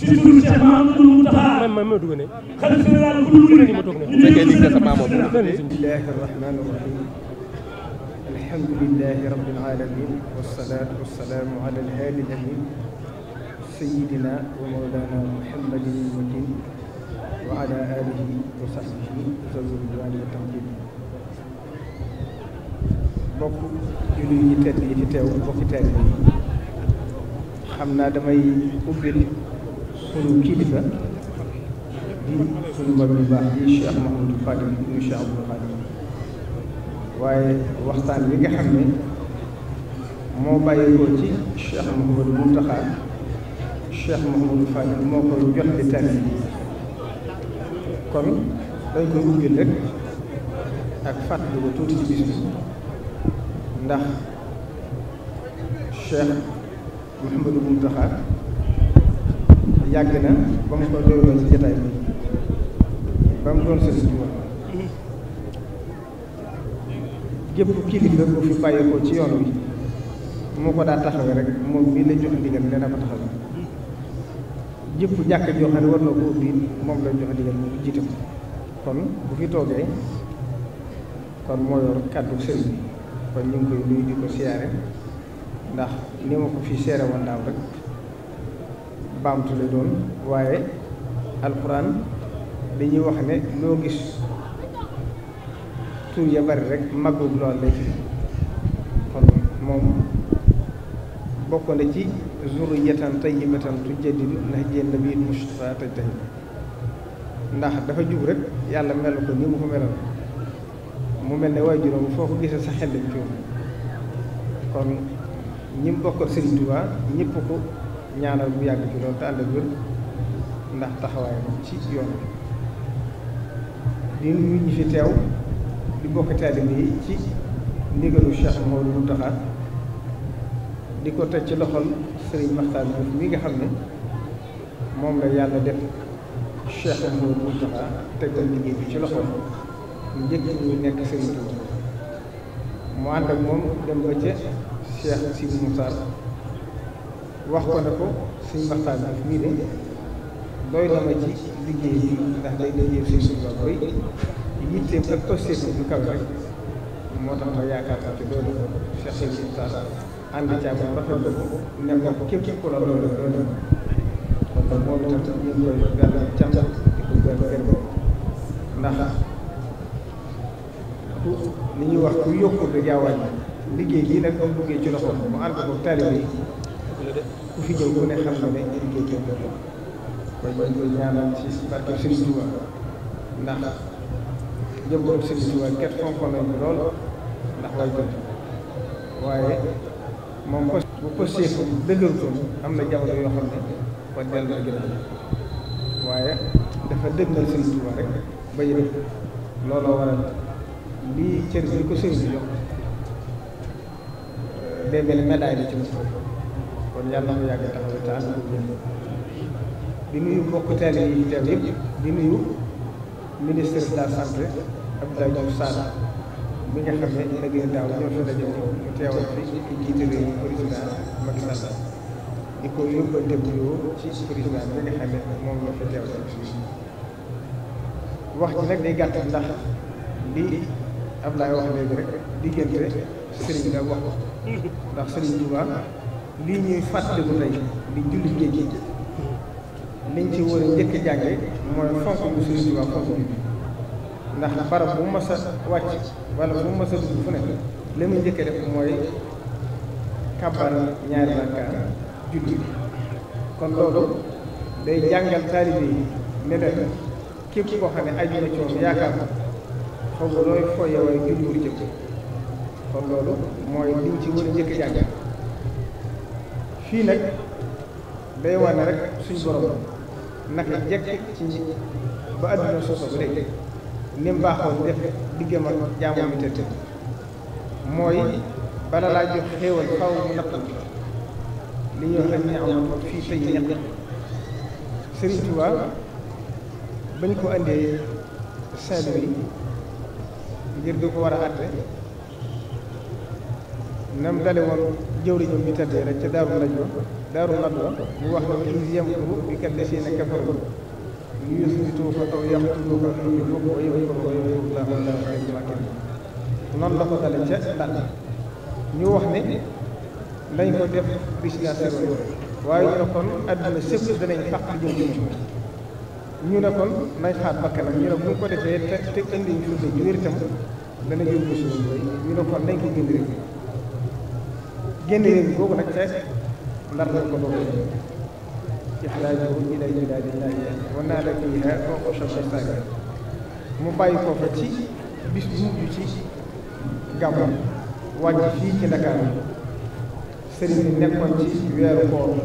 ci turu Cheikh Mamadou Mountakha Mamadou Gune xalifa général bu dul Gune bu fekkee ni nga sa maamoo bu bismillahi rahmani rahim alhamdulillahi rabbil alamin wassalatu wassalamu ala al-hadi al-amin sayyidina wa mawlana muhammadin al-matin wa ala alihi wa sahbihi zawjudwani wa tamkin bokk julli yi tedd yi fi teew bokki tedd yi xam naa damay ubbil sunu kilifa di sunu mag bu baax di Cheikh Mahamadou Fadil di Cheikh Abdou Fadil waaye waxtaan bi nga xam ne moo bàyyeekoo ci Cheikh Mahamadou Mountakha Cheikh Mahamadou Fadil moo koy jot di tari kon dañ koy uggil rek ak fàttali ko tuuti ci bis bi ndax Cheikh Mahamadou Mountakha yàgg na ba mu ko dóoroon si jotaay bi ba mu doon sësi woon gépp ci yoon wi moo ko daa taxawee rek moom mii la jox ndigal nee ko taxawee jëpp jàkk joo xam ne war na ko ubbi moom la jox ndigal mu jiite ko kon bu fi toogee kon moo yor kàddu sëriñ bi kon ñu ngi ko siyaare ndax ni ma ko fi seere woon daaw rek baamtu la doon waaye alxuraan dañuy wax ne loo gis tur ya bari rek màggug lool la ci kon moom bokk na ci zurriyatan tayyibatan tujaddidu nahjan nabiyil Mustafa taj tay ndax dafa jub rek yàlla mel ko ni mu ko melal mu mel ne waajuram foo ko gisee sa xel lañ ci kon ñi bokk Sëriñ Tuubaa ñëpp ko ñaanal bu yàgg ci loolu tàll ànd ak wér ndax ci yoon di nuyu ñi fi teew di bokk taalibe yi ci ndigalu Cheikh Mawlud di ko teg ci loxol Serigne Makhtar mi nga xam ne moom la yàlla def Cheikh Mawlud Mountakha teg ko liggéey bi ci loxol njëkk ñu nekk Serigne Touba mu ànd ak moom dem ba ca Cheikh Sidi Moussa. wax ko ne ko suñ waxtaan bi mii de doy na ma ci liggéey bi ndax day liggéey suñ suñ ba koy yitteem ak tostéef bu kaw rek moo tax ma yaakaar naa ci loolu Cheikh Sëñ Tass ànd ca moom rafetlu ko képp ku la loolu loolu kon nag moom itam ñu ngi ko li ñuy wax ku yokkul rek yaa wàññi liggéey lii nag am duggee ci loxo mu ànd ko taalibe yi ku fi ñëw ku ne xam-xam ne liggéey kenn du la kon ñu koy ñaanal ci barke Sëriñ Tuuba ndax jëmboon Sëriñ Tuuba ket fonkoon nañu lool ndax waaye moom pos bu posté ko dëgër ko am na jamono yoo xam ne kon dellu waaye dafa dëggal Sëriñ Tuuba rek ba yëg looloo a lii cër bi ko sëriñ bi jox léeg-léeg médaille la ci moom kon yàlla na ko yàgg taxaw te ànd ak ñoom di nuyu mbokk teel yi teew yëpp di nuyu ministre de santé Abdoulaye Diouf Sarr mi nga xam ne liggéey di ko yóbbante bu yoo ci président bi nga xam ne moom la fi teewal wax ji nag gàtt ndax li Abdoulaye wax léegi rek diggante sëriñ bi wax ndax sëriñ Touba. lii ñuy fàttaliku tey li julli géej gi liñ ci war a njëkk jànge mooy fonk bu Sëriñ Tuubaa fonk bi ndax barab bu mas a wàcc wala bu mas a dugg fu ne la muy njëkk def mooy kàbbar ñaari rakka julli kon loolu day jàngal taalibe yi ne leen képp koo xam ne aju na yaakaar ko xaw ma looy foyee waaye julli wu jëkk kon loolu mooy liñ ci war a njëkk jànge fii nag day wane rek suñu borom naka jekk ci ba àdduna soso ba léegi ni mu def diggam ak jaamu bi tëdd mooy bala laa jox xéewal faw mu natt li ñuy wax ne am fii tey ñaq Sëriñ Tuubaa bañ ko andee Saint-Louis ngir du ko war a àtte nam dale woon jëwriñam bi tëddee rek ca daaru naj wa daaru naj wa mu wax ne is yamkuru bika llaziina kafaru li yusbituuka aw la ñu wax ne lañ ko def bisna seroon waaye ñu ne kon àdduna ñu ne kon nañ xaat bakkanam ñu ne bu ñu ko defee te te indi ñu lu wér itam dana jëm ko suñu ñu ne kon nañ ko jënd génn leen googu nag ca ndar lañ ko doon ixraajuhu ila jilaadillahi wa naada fiiha uqusha shaytaani mu bàyyi ko ci bis bu mujj ci gàmmu wàcc fii ci Ndakaaru sëriñ bi nekkoon ci weeru koor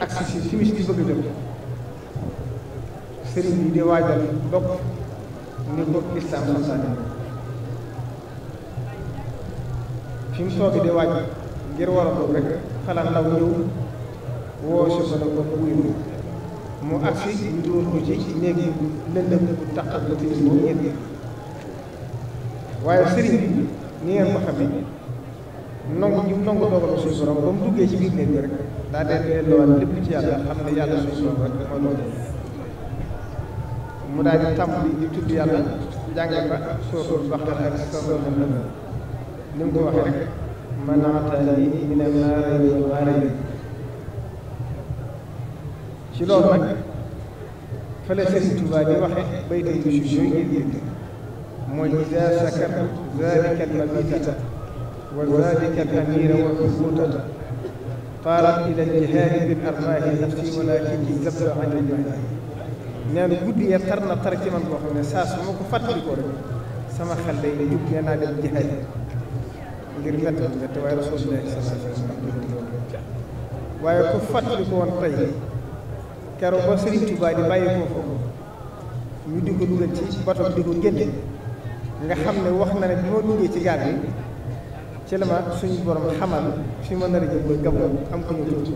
ak si simis di bëgg jot sëriñ bi di waajal dog ni ko lislaam santaane fi mu toogee di wàcc ngir war a ko rek xalaat ndaw ñëw woo si ko ne ko wuyu mu mu agsi ñu dóor ko ci léegi lëndëm taqal la tiis boobu ngeen ngeen waaye sëriñ bi ni ngeen ko xamee nangu ñu nangu dogal suñu borom ba mu duggee ci biir néeg bi rek daa dee delloo lépp ci yàlla xam ne yàlla suñu borom rek mu daal di bi di tudd yàlla jànge ba sóotul baxtar ak sóotul ni ko waxee rek man ataani min an ci loolu nag waxe baytay du si yooyu ngeen yëg mooy idaa sakartu zaalika al-mabiitata wa zaalika al-amiira wa al-hubuutata taarat ila al-jihaadi bil-arwaahi nafsi walaakin zabta an al-maali na guddi ya tar na tar ci man koo xam ne saa su ma ko fàttalikoo rek sama xel day jug nee naa dem ngir métti métti waaye rasulullah sallallahu alayhi wa sallam waaye ku fàttali ko woon tey keroog ba Serigne Touba di bàyyi foofu ñu di ko dugal ci bato di ko génne nga xam ne wax na ne bi ma duggee ci gaal bi ci la ma suñu borom xamal fi ma nar a jëm ba am ko ñu tuuti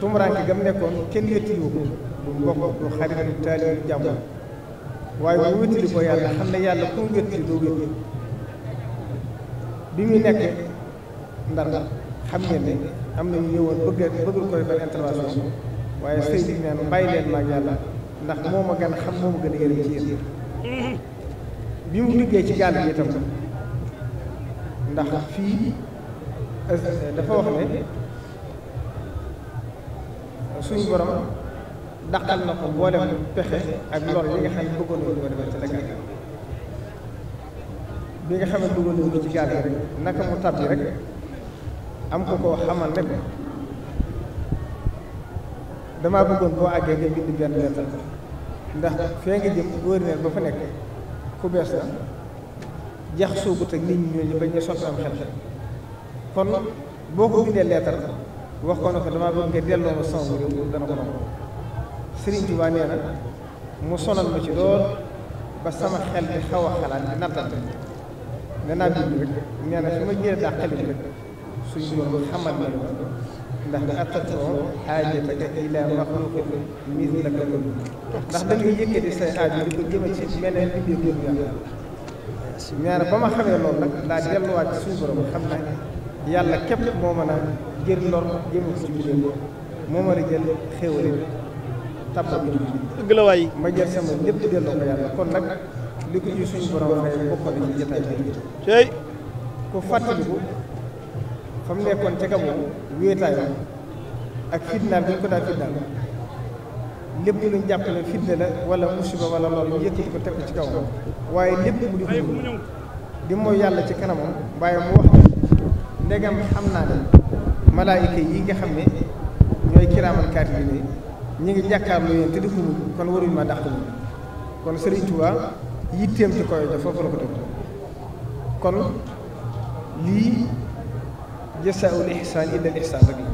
tumuraanke gam nekkoon kenn wéttiliwu ko bu mbokk bu xarit bu taalibu jàmm waaye bu wéttili ko yàlla xam ne yàlla ku mu wéttili doo wéttili bi muy nekk ndar xam ngeen na ñu nañu woon bëgg bëggul ko defal intervention waaye sëñ bi neen bàyyi leen maag yàlla ndax moo ma gën xam moo ma gën a yërëm ci yéen bi mu liggéey ci gaal bi itam ndax fii dafa wax ne suñ borom daqal na ko boole pexe ak lool li nga xam ne bëggoon nañu ko defal ci li nga xam ne dugal nañ ci gaal yi rek naka mu tàbbi rek am ko ko xamal ne damaa bëggoon boo àggee nga bind benn lettre ndax fee nga jëm gouverneur ba fa nekk ku bees la jax soogut ak nit ñooñu bañ a sotti am xel kon boo ko bindee lettre wax ko ne ko damaa bëgg nga delloo ma sama réew dana ko nangu Sëriñ Tuubaa na mu sonal ma ci lool ba sama xel di xaw a xalaat nattal danaa dugg rek nee na su ma jëlee daa xale bi rek suñu borom xamal na ndax atatoo xaajataka ila maxluqin mislaka ndax da nga yëkkati say aajo di ko jëme ci ma xamee loolu nag daa delluwaat ci suñu borom yàlla képp moo mën a jël lor jëme ci liggéey moo a jël xéwal tabba bi dëgg la sama lépp delloo ko yàlla kon nag li ko ci suñu borom may bokkoon nañu jotaay bi. tey ku fàttaliku fa mu nekkoon ca Gabon wéetaayam ak fitnaal bi ñu ko daan fitnaal lépp luñ jàpp ne fitna la wala musiba wala loolu ñu yëkkati ko teg ko ci kawam waaye lépp mu di ko di mooy yàlla ci kanamam waaye mu wax ndegam xam naa ne malaayika yi nga xam ne ñooy kiraamal kaatibiin ñu ngi jàkkaarloo yéen te di ko kon waruñu ma yitteem ci koy def foofu la ko tëgg kon lii jasaa'ul ihsaan illal ihsaan rek la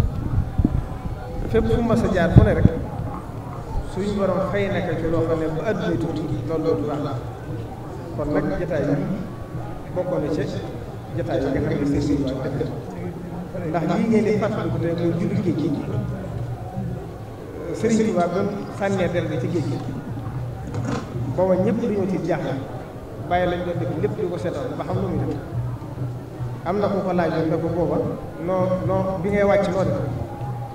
fépp fu mas a jaar fu rek suñu borom fay naka ci loo xam ne ba àdduna tuuti loolu loolu baax kon nag jataay bi bokkoon na ci jataay bi nga xam ne seen def ndax lii ngeen di fàttaliku tey bi ci géej gi booba ñëpp li ñu tiit jaaxle bàyyi lañ doon def lépp du ko seetal ba xam lu muy def am na ku ko laajoon ne ko booba noo noo bi ngay wàcc noo def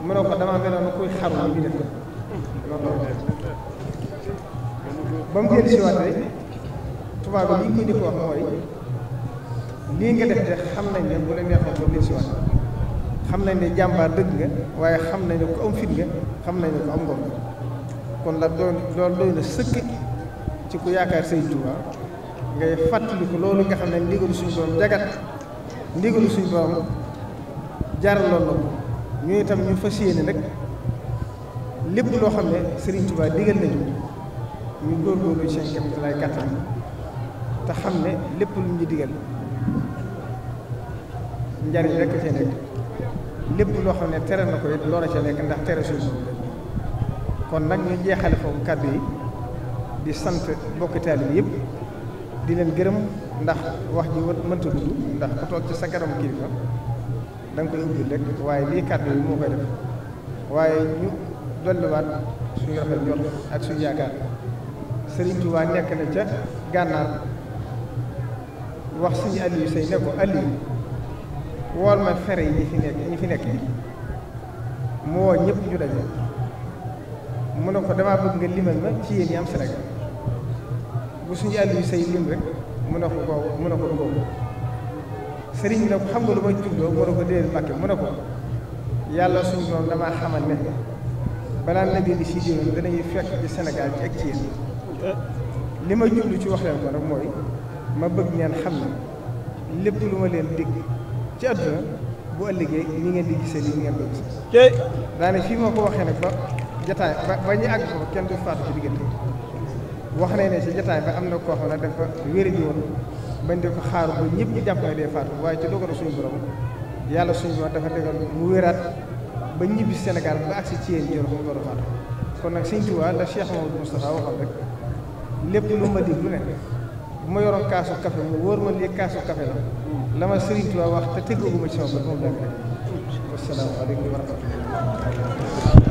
mu ne ko damaa meloon na kuy ko ba ko lii nga def de xam nañ ne bu la neexoon ba jël si waat xam nañ ne jàmbaar dëgg nga waaye xam nañ ne ku am fit nga xam nañ ne ku am ngor kon la doon loolu doy na ci ku yaakaar sëñ Tuuba ngay fàttaliku loolu nga xam ne ndigalu suñu borom jagat ndigalu suñu borom jaraloon na ko ñu itam ñu fas yéene rek lépp loo xam ne sëriñ Tuuba digal nañu ñu góorgóorlu seen képp lay kàttan te xam ne lépp lu ñu digal njariñ rek cee nekk lépp loo xam ne tere na ko it loola nekk ndax tere suñu borom kon nag ñu jeexale foofu kàddu yi di sant bokki taalibe yëpp di leen gërëm ndax wax ji mënta dudd ndax ku toog ci sa garam kilifa da nga koy ubbi rek waaye lii kàddu yi moo koy def waaye ñu dolliwaat suñu rafet jot ak suñu yaakaar Sëriñ Tuubaa nekk na ca gànnaar wax suñu Aliou Sey ne ko Aliou wool ma fere yi ñi fi nekk ñi fi nekk mu woo ñëpp ñu daje mu ne ko damaa bëgg nga limal ma ci yéen yi am Sénégal bu suñu àll yu say rek mun na ko koo mun na sëriñ bi nag xam nga lu ma jubloo mun na ko déedéet mbàkke mun na ko yàlla suñu noonu damaa xamal ne balaa nabi di si déglu danañuy fekk ci Sénégal ci ak ci yéen li ma jublu ci wax leen ko nag mooy ma bëgg ngeen xam ne lépp lu ma leen dégg ci àdduna bu ëllëgee ni ngeen di gisee li ngeen bëgg. daane fii ma ko waxee nag ba jotaay ba ba ñu àgg foofu kenn du faatu ci diggante. wax nañ ne ci jotaay ba am na koo xam ne dafa wéri ji woon bañ di ko xaar ba ñëpp ñu jàpp ne day faatu waaye ci dogalu suñu borom yàlla suñu borom ba ñibbi Sénégal a faatu kon nag sëñ Tuubaa la rek lépp lu ma dig lu ne bu ma yoroon kaasu café mu wóor ma lii kaasu café la la ma Sëriñ Tuubaa wax te tëggaguma ci sama bopp moom laa rek